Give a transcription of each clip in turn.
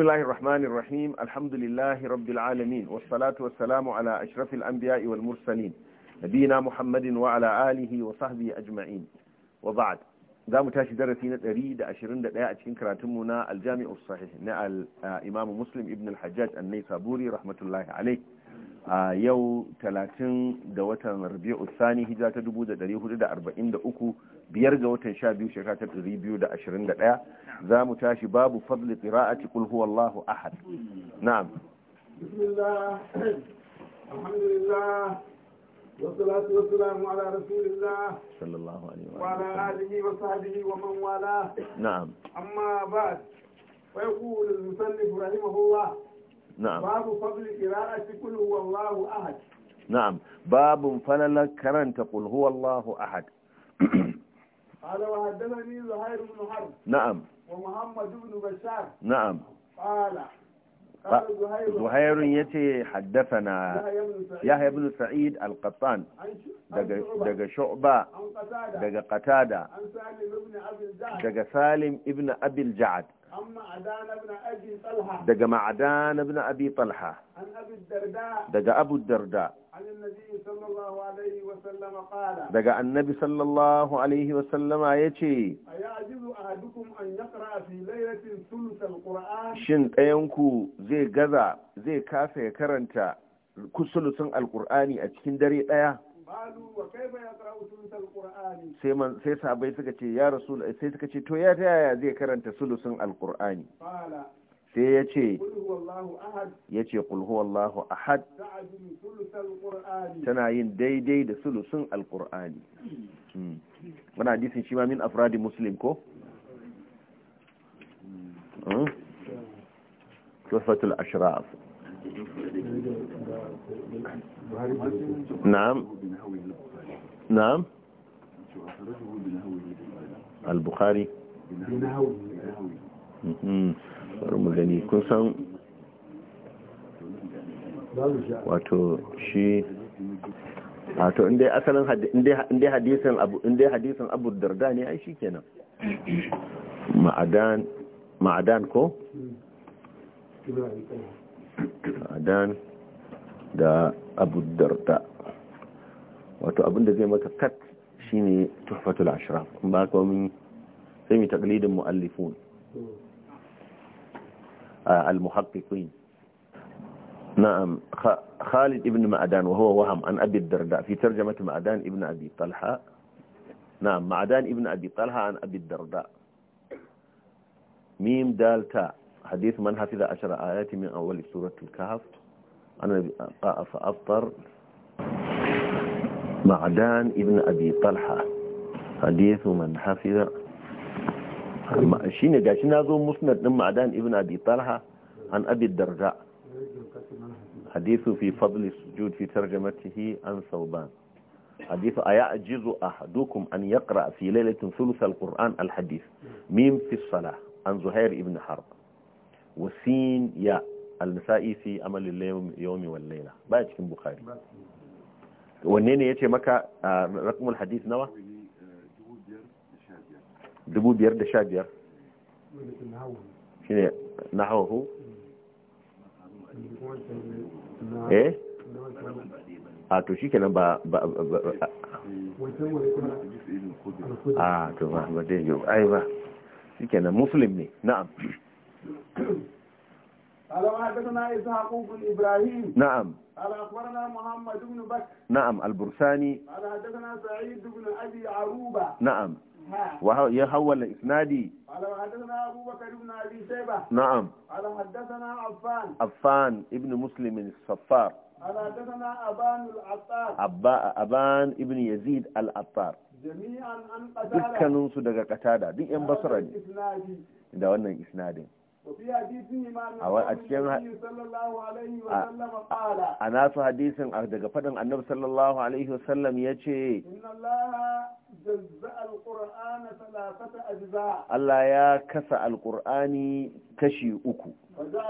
بسم الله الرحمن الرحيم الحمد لله رب العالمين والصلاة والسلام على أشرف الأنبياء والمرسلين نبينا محمد وعلى آله وصحبه أجمعين وبعد za mu tashi darasi na 121 a cikin karatunmu na aljami'u sahih na imam muslim ibn al-hajjaj annai saburi rahmatullahi alai a yau 30 da watan rabi'u sani hijira ta uku. biyar ga watan sha biyu shekara ta ɗari biyu da ashirin da ɗaya za mu tashi babu fadli ƙira'ati kul huwa ahad na'am bismillah alhamdulillah wa salatu ala rasulillah sallallahu alaihi wa ala wa man wala na'am amma ba'd fa yaqul al-musannif rahimahullah na'am babu fadli ƙira'ati kul huwa ahad na'am babun falalar karanta kul huwa ahad قال وهدمني زهير بن حرب نعم ومحمد بن بشار نعم قال زهير يتي حدثنا يحيى بن سعيد القطان دقا شعبة دقا قتادة دقا سالم ابن أبي الجعد دقا معدان ابن أبي طلحة دقا أبو الدرداء daga annabi sallallahu alaihi wasallama ya ce shin ɗayanku zai gaza zai kasa ya karanta kusulusun alkur'ani a cikin dare ɗaya sai sabai suka ce ya rasul sai suka ce to ya ta yaya zai karanta sulusun alkur'ani sai ya ce ya ce kulhuwallahu ahad tana yin daidai da sulusun alkur'ani hmm. wani hadisin shi ma min afradi muslim ko? Hmm. tufatul ashraf na'am na'am al-bukhari hmm. bari mu gani kun san wato shi wato inda asalin hadisun abu inda abu darda ne ai shikenan ma'adan ma'adan ko ma'adan da abu darda wato abinda zai maka kat shine tufatul ashraf ba ka sai mu taqlidin muallifun آه، المحققين نعم خالد ابن معدان وهو وهم عن أبي الدرداء في ترجمة معدان ابن أبي طلحة نعم معدان ابن أبي طلحة عن أبي الدرداء ميم دال تاء حديث من حفظ عشر آيات من أول سورة الكهف أنا فأفطر معدان ابن أبي طلحة حديث من حفظ shi ne gashi na zo musnad din ma'adan ibn abi talha an abi darda hadithu fi fadli sujud fi tarjamatihi an sauban hadithu aya ajizu ahadukum an yaqra fi laylatin thuluth alquran alhadith mim fi salah an zuhair ibn harb wasin ya al fi amal al-yawmi wal layla ba cikin bukhari wanne ne yace maka ah, raqmul hadith nawa دبو بيرد شاجر شنو نحوه ايه هاتو شي كلام با با با اه تو ما بديو ايوا شي كلام مسلم ني نعم قال حدثنا اسحاق بن ابراهيم نعم قال اخبرنا محمد بن بكر نعم البرساني قال حدثنا سعيد بن ابي عروبه نعم وهي حول إسنادي قال حدثنا أبو بكر بن أبي شيبة نعم قال حدثنا عفان عفان ابن مسلم الصفار قال حدثنا أبان العطار أبا أبان ابن يزيد العطار جميعا عن قتادة دكانون صدق قتادة دي إن بصرة دي ده وانا إسنادي a cikin a nasu hadisin a daga faɗin annabi sallallahu alaihi wasallam ya ce Allah ya kasa alƙur'ani kashi uku. Sai ya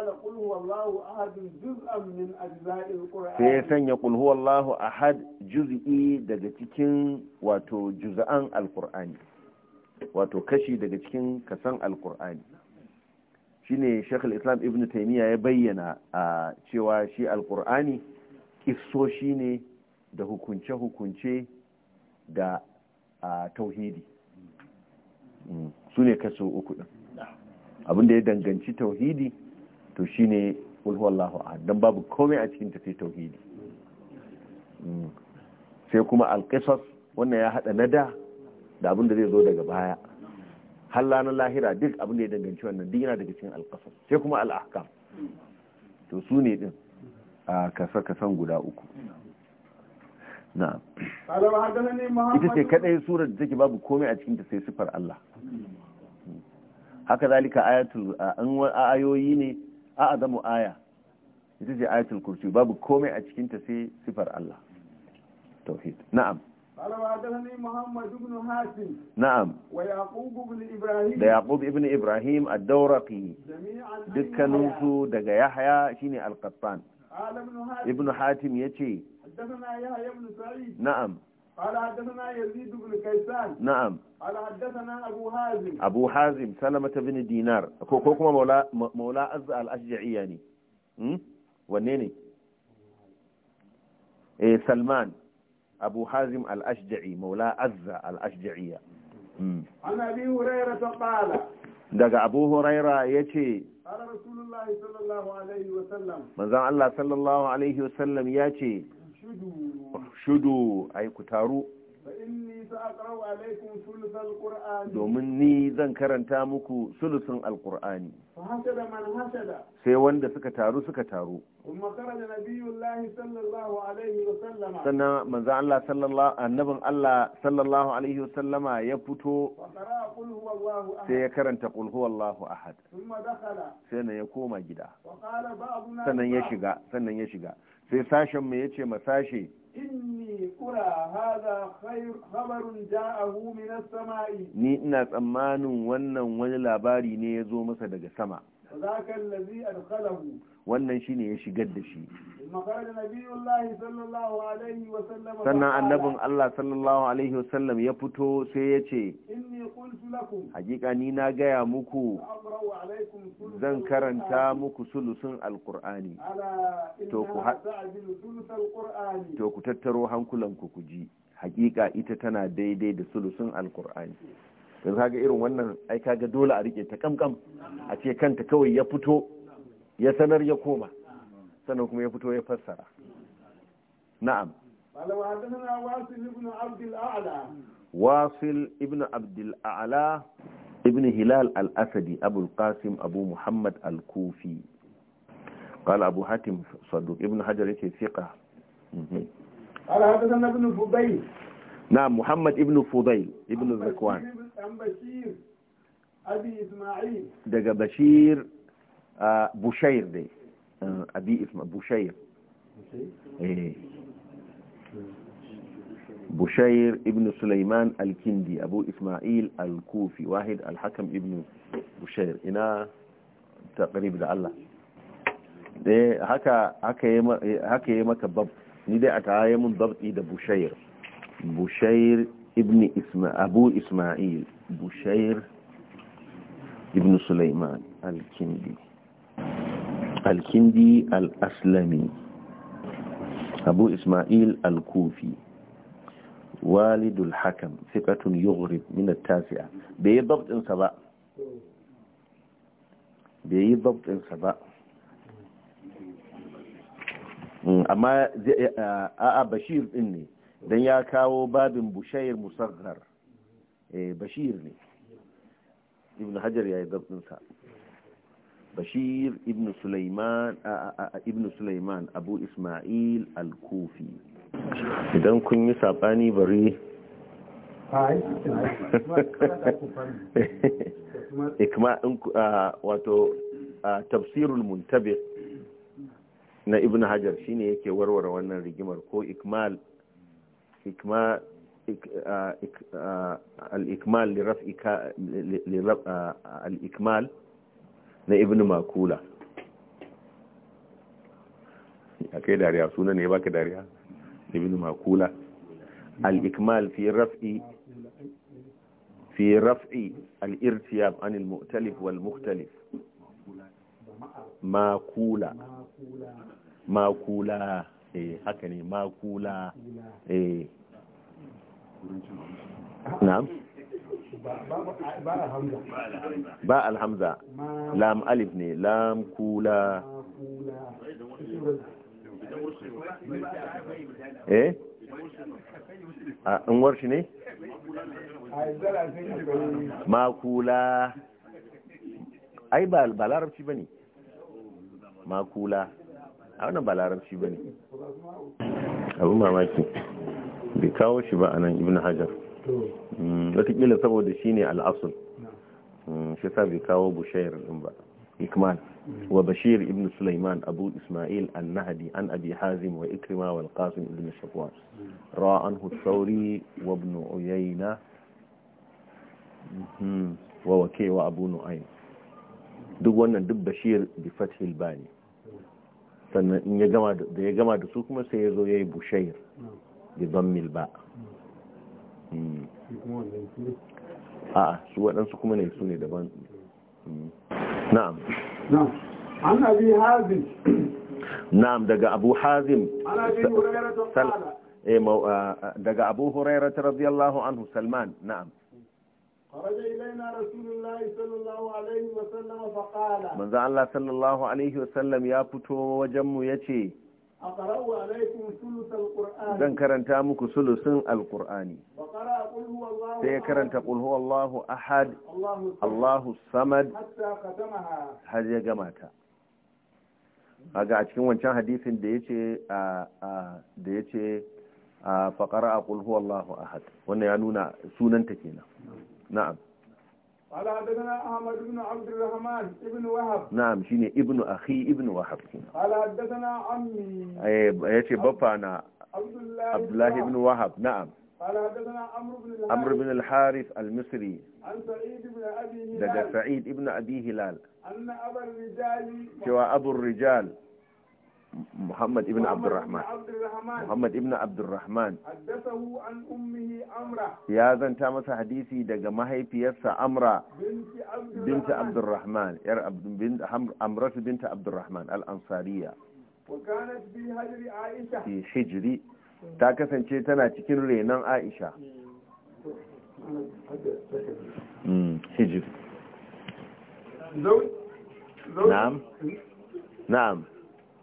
sanya ƙulhu ahad juz'i daga cikin wato juz'an alƙur'ani, wato kashi daga cikin kasan alƙur'ani. Shi ne Shekul Islam Ibn Taimiyya ya bayyana a cewa shi alƙur'ani ƙisso shi ne da hukunce-hukunce da a tauhidi mm. su ne kaso uku ɗin abinda ya danganci tauhidi to shi ne ulhuwallahu ahad don babu komai a cikin tafi tauhidi mm. sai kuma alkisas wannan ya haɗa na da da zai zo daga baya har ranar lahira duk abinda ya danganci wannan duk yana daga cikin alkisas sai kuma al'ahkam to su ne ɗin a kasa-kasan guda uku na'am ita ce kadai surar da take babu komai a cikinta sai sifar Allah haka zalika ayatul an ayoyi ne a azamu aya ita ce ayatul kursi babu komai a cikinta sai sifar Allah tauhid na'am na'am da yaqub ibn ibrahim ad-dawraqi dukkaninsu daga yahya shine al-qattan ibn hatim yace حدثنا يحيى بن سعيد نعم قال حدثنا يزيد بن كيسان نعم قال حدثنا أبو حازم أبو حازم سلمة بن دينار كوكما مولا مولا أز الأشجعي يعني ونيني إيه سلمان أبو حازم الأشجعي مولا أز الأشجعية عن أبي هريرة قال daga abu huraira ya ce manzan Allah sallallahu alaihi wasallam ya ce shudu ai ku taru domin ni zan karanta muku sulusun alkur'ani sai wanda suka taru suka taru sannan manzan Allah sallallahu annabin Allah sallallahu alaihi wasallama ya fito sai ya karanta kulhu Allahu ahad sai na ya koma gida sannan ya shiga sannan ya shiga sai sashen mu yace ma sashe inni ura hadha khabarun ja'ahu min as-sama'i ni ina tsammanin wannan wani labari ne ya zo masa daga sama zaka allazi adkhalahu wannan shine ya shigar da shi makarar sallallahu alaihi sannan annabin Allah sallallahu alaihi wasallam ya fito sai ya ce inni hakika ni na gaya muku zan karanta muku sulusun alkur'ani to ku tattaro hankulanku ku ji hakika ita tana daidai da sulusun alkur'ani don kaga irin wannan aika ga dole a rike ta kamkam a ce kanta kawai ya fito ya sanar ya koma sannan kuma ya fito ya fassara na'am wasil ابن عبد a'la ابن هلال al-asadi القاسم qasim محمد الكوفي قال أبو حاتم صدوق ابن حجر يتي ثقة قال حدثنا ابن فضيل نعم محمد ابن فضيل ابن الزكوان عن بشير أبي إسماعيل دقى بشير بشير دي أبي إسماعيل بشير ايه بشير ابن سليمان الكندي أبو إسماعيل الكوفي واحد الحكم ابن بشير إنا تقريب ده الله ده هكا هكا يمك الضبط نداء تعايم ضبط إيدا بشير بشير ابن اسم أبو إسماعيل بشير ابن سليمان الكندي الكندي الأسلمي أبو إسماعيل الكوفي والد الحكم ثقة يغرب من التاسعة بأي ضبط انصباء بأي ضبط انصباء أما آه، آه، آه، بشير إني دنيا كاو باب بشير مصغر إيه، بشير لي ابن حجر يا ضبط انسباء بشير ابن سليمان ابن سليمان أبو إسماعيل الكوفي idan kun yi saɓani bari ikma wato tafsirul muntabi na ibn hajar shine yake warware wannan rigimar ko ikmal ikmal al-ikmal al-ikmal na ibn makula akai dariya sunan ne baka dariya لابن ماكولة الإكمال في رفع في رفع الارتياب عن المؤتلف والمختلف ماكولة ماكولة إيه haka ne إيه نعم باء الحمزة باء الحمزة لام ألفني لام كولا eh a unguwar shi ne makula ai ba larabci ba ne makula a wannan ba larabci ba ne abin mamaki bai kawo shi ba a nan ibn hajar hmm, watakila saboda shi ne al'asul hmm, shi sa bai kawo bushayar ɗin ba إكمال وبشير ابن سليمان أبو إسماعيل النهدي عن أبي حازم وإكرمة والقاسم ابن شفوان راى عنه الثوري وابن عيينة ووكيع وأبو نعيم duk wannan duk bashir bi fathil bani sannan gama da ya gama da su kuma sai ya zo ya yi bushair bi zammil ba hmm. a su waɗansu kuma ne su ne daban hmm. na'am na'am daga abu hazim daga abu hurairah radiyallahu anhu salman na'am خرج إلينا رسول الله صلى الله عليه وسلم فقال من ذا الله صلى الله عليه وسلم يا وجم يتي zan karanta muku sulusun alkur'ani sai ya karanta ƙulhu Allahu ahad Allahu samad har ya gama ta a ga cikin wancan hadisin da ya ce da faƙara a ƙulhu Allahu ahad wannan ya nuna sunanta kenan na'am Ala daga na ibn Abdulrahman ibn Wahab. Na'am shine ibn akhi ibn Wahab. yace baffa na Abdullahi, Abdullahi ibn Wahab. Na'am. Ala daga Amr ibn al-Harith. al misri Daga Sa'id ibn Abi Cewa abur rijal. محمد ابن عبد الرحمن محمد ابن عبد الرحمن حدثه عن امه يا مسا حديثي daga mahaifiyarsa amra binti عبد الرحمن yar abdun bint amra عبد الرحمن al-ansariya وكانت في هجر عائشه في ta kasance tana cikin renan aisha hmm, hijri na'am na'am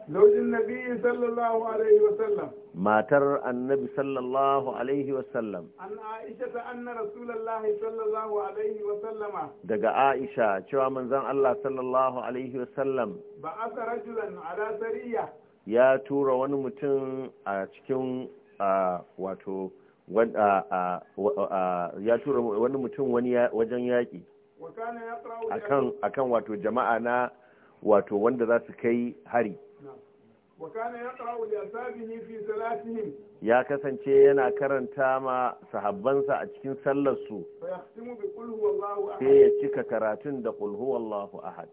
zaujin nabi sallallahu alaihi wasallam matar annabi sallallahu alaihi wasallam an aisha ta anna rasulullahi sallallahu alaihi wasallama daga aisha cewa manzon Allah sallallahu alaihi wasallam ba aka rajulan ala sariya ya tura wani mutum a cikin wato ya tura wani mutum wajen yaƙi akan wato jama'a na wato wanda za su kai hari ya kasance yana karanta ma sahabbansa a cikin sallarsu sai ya cika karatun da kulhu wallahu ahad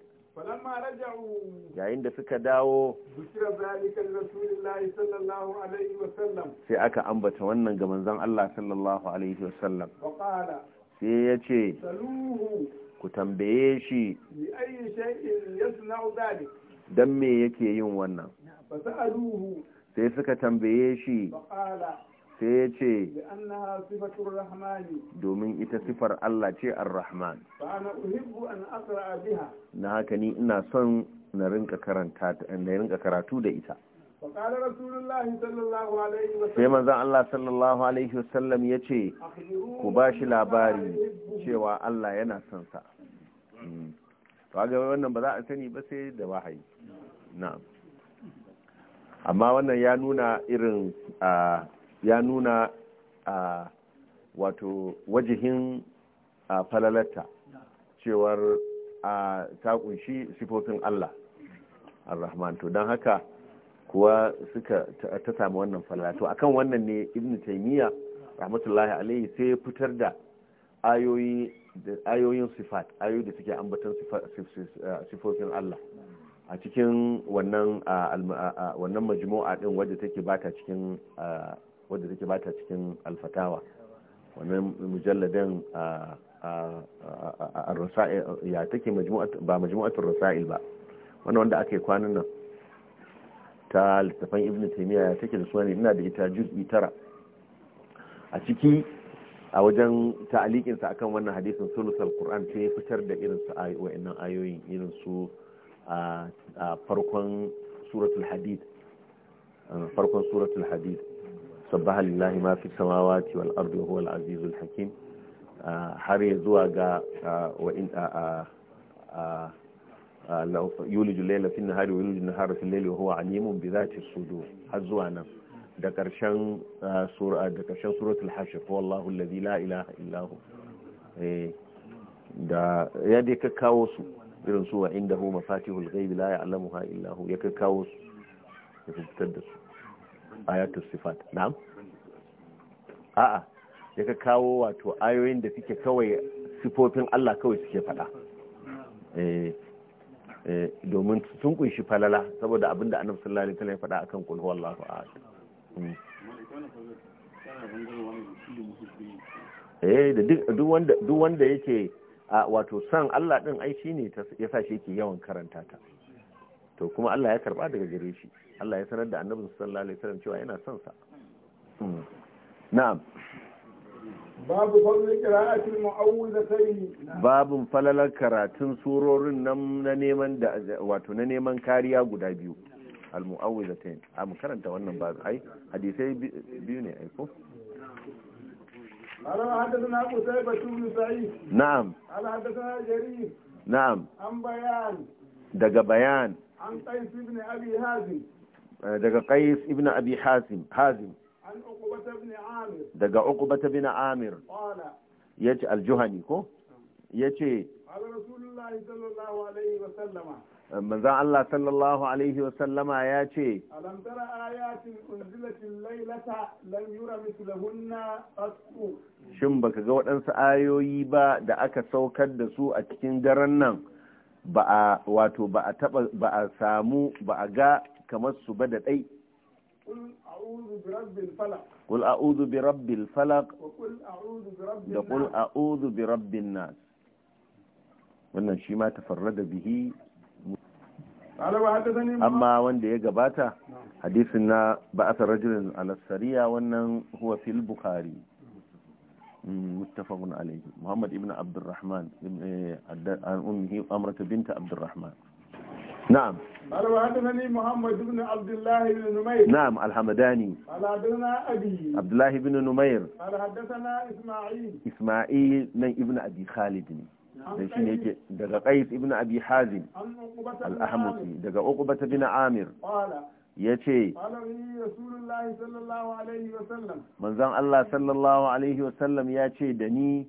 yayin da suka dawo sai aka ambata wannan ga manzon Allah sallallahu alaihi wasallam sai ya ce ku tambaye shi don me yake yin wannan sai suka tambaye shi sai ya ce domin ita sifar Allah ce ar-Rahman na haka ni ina son na rinka karatu da ita sai manzan Allah sallallahu Alaihi wasallam ya ce ku ba shi labari cewa Allah yana son sa to ga wannan ba za a sani ba sai da wahayi na'am amma wannan ya nuna irin ya nuna wato wajihin falalata cewar ta kunshi sifofin Allah ar-Rahman to don haka kuwa suka ta samu wannan falalata akan wannan ne ibn taimiyya rahmatullahi alaihi sai ya fitar da ayoyi ayoyin sifat ayoyi da suke ambatan sifofin Allah a cikin wannan wannan majmu'a din wadda take bata cikin wadda take bata cikin alfatawa wannan mujalladin ar-rasail ya take ba majmu'atul rasail ba wannan wanda aka yi kwanan nan ta littafan ibn taymiya ya take da suwani ina da ita juz'i tara a ciki a wajen ta'alikinsa akan wannan hadisin sulusul qur'an yi fitar da irin su ayoyin irin su farkon suratul hadid farkon suratul hadid sabbaha lillahi ma fi samawati wal ardi wa huwal azizul hakim har ya zuwa ga wa in yuliju layla fi nahari wa yuliju nahara fi layli wa huwa alimun bi dhati sudur har zuwa nan da karshen sura da karshen suratul hashr wallahu alladhi la ilaha illa hu eh, da ya dai ka kawo su irin su wa inda hu mafatihul ghaibi la ya'lamuha illa hu ya kawo su ya fitar da su ayatu sifat na'am a'a ya kawo wato ayoyin da suke kawai sifofin Allah kawai suke fada eh, eh domin sun kunshi falala saboda abinda annabi sallallahu alaihi wasallam ya fada akan kul huwallahu ahad hmm. eh da duk wanda duk wanda yake wato san Allah din ai ne ya sa shi yake yawan karanta ta to kuma Allah ya karba daga gare shi Allah ya sanar da Annabi sallallahu alaihi wasallam cewa yana son sa hmm. na'am babu fadlin qira'atil mu'awwidatayn babun falalar karatun surorin nan na neman da wato na neman kariya guda biyu al mu'awwidatayn a mu karanta wannan babu ai hadisai biyu ne ai ko قال حدثنا قتيبة بن سعيد نعم قال حدثنا جرير نعم عن بيان دقا بيان عن قيس بن أبي هازم دقا قيس بن أبي حازم حازم عن عقبة بن عامر دقا عقبة بن عامر قال يجي الجهني كو يجي قال رسول الله صلى الله عليه وسلم Allah sallallahu Alaihi wasallama ya ce, Shin baka ga waɗansu ayoyi ba da aka saukar da su a cikin daren nan ba a wato ba a ba a samu ba a ga kamar su ba da ɗai. Kul a'udhu bi rabbil falaq da kul a'udhu bi rabbin nas. wannan shi ma tafarrada bihi amma wanda ya gabata hadisin na ba'athar rajulin alasariya wannan huwa fil bukhari muttafaqun alayhi muhammad ibn abdurrahman an ummihi amrata bint abdurrahman na'am قال وحدثني محمد بن عبد الله بن نمير نعم الحمداني قال حدثنا أبي عبد الله بن نمير قال حدثنا ابن خالد dan shine yake daga Qais ibn Abi Hazim al-Ahmusi daga Uqba bin Amir ya ce manzan Allah sallallahu Alaihi wasallam ya ce da ni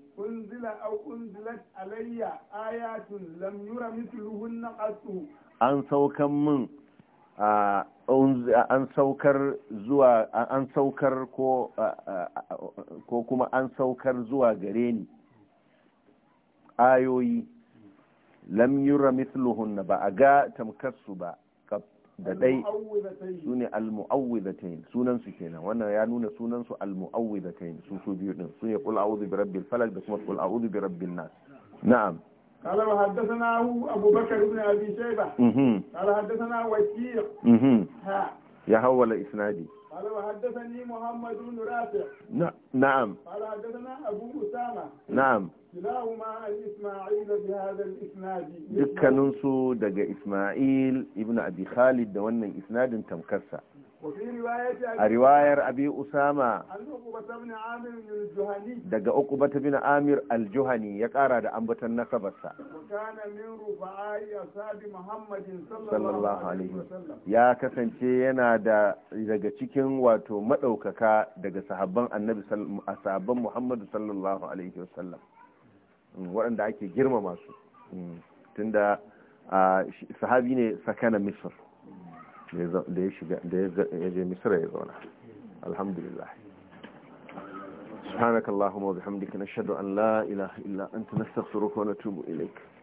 an saukan min an saukar zuwa an saukar ko kuma an saukar zuwa gare ni ayoyi lam yura mithluhunna ba a ga tamkarsu ba da dai su ne al-mu'awwidhatayn sunan su kenan wannan ya nuna sunan su al-mu'awwidhatayn su su biyu din su ne qul a'udhu bi rabbil falaq da kuma qul a'udhu bi rabbin nas na'am قال وحدثنا أبو بكر بن أبي شيبة قال حدثنا وكيع يا هول إسنادي قال وحدثني محمد بن رافع نعم قال حدثنا أبو أسامة نعم كلاهما عن إسماعيل بهذا الإسناد دكا ننسو دقى إسماعيل ابن أبي خالد دوانا إسناد تمكسى a riwayar abi usama daga uku ta bin amir aljuhani ya kara da ambatan nasabarsa sallallahu ya kasance yana da daga cikin wato maɗaukaka daga sahabban annabi sahabban muhammadu sallallahu alaihi wasallam mm, waɗanda ake girmama su mm, tunda sahabi ne sakana misr shi da ya shiga da ya je misra ya zauna alhamdulillah subhanakallahumma wa bihamdika nashhadu an la ilaha illa anta nastaghfiruka wa natubu ilaik